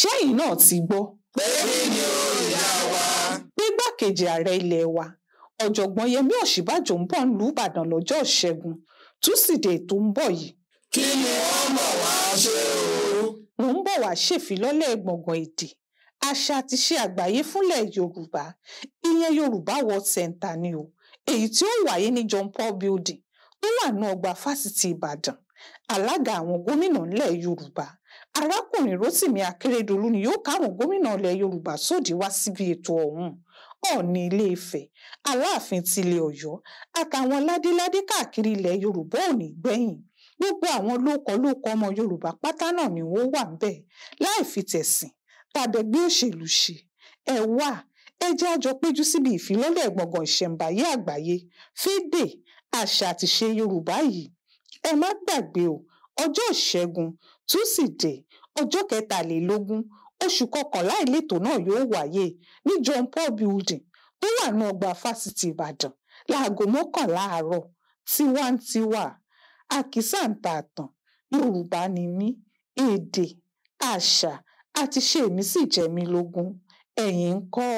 ṣẹ́yìn náà ti gbọ́. pé kí ni ó yá wa. gbígbàkejì ààrẹ ilé wa ọ̀jọ̀gbọ́n yẹmí ọ̀ṣínbàjò ń bọ̀ nílùú ìbàdàn lọ́jọ́ ìṣẹ́gun túsìdeè tó ń bọ̀ yìí. kí ni wọ́n bọ̀ wá ṣe o. mo ń bọ̀ wá ṣèfilọ́lẹ̀ gbọ̀ngàn èdè àṣà àti ṣe àgbáyé fúnlẹ̀ yorùbá ìyẹn yorùbá world center ni o èyí tí ó wáyé ní john paul building tó wà ní ọgbà fásitì ìbàdàn alága àwọn gómìnà ńlẹ̀ yorùbá arákùnrin rotimi akérèdọlù ni yóò káwọn gómìnà ilẹ̀ yorùbá sóde wá síbi ètò ọ̀hún ọọ̀ni iléìfẹ̀ aláàfin tilẹ̀ ọ̀yọ́ àtàwọn ládéládé káàkiri ilẹ̀ yorùbá ò ní gbẹ̀yìn gbogbo àwọn lókọlókọ ọmọ yorùbá pátá náà ni wọn wà bẹ́ẹ̀ láì fi tẹ̀sìn tàbẹ̀gbé òṣèlú ṣe ẹ wà ẹ jẹ́ àjọ péjú síbi ìfilọ́lẹ̀ gbọ̀ngàn ìṣẹ̀ǹbáyé àgbáyé fídè àṣà àtìṣe yorùbá yìí ẹ má gbàgbé o ọjọ́ ìṣẹ́gun túṣídéé ọjọ́ kẹtàlélógún oṣù kọkànlá ìletò náà yóò wáyé ní john paul building tó wà ní ọgbà fásitì ìbàdàn láago mọ́kànlá àárọ̀ tiwantiwa àkísà ń ta àtàn yorùbá ni mí èdè àṣà àti ṣe mí sì jẹ mí lógún ẹ̀yin ńkọ́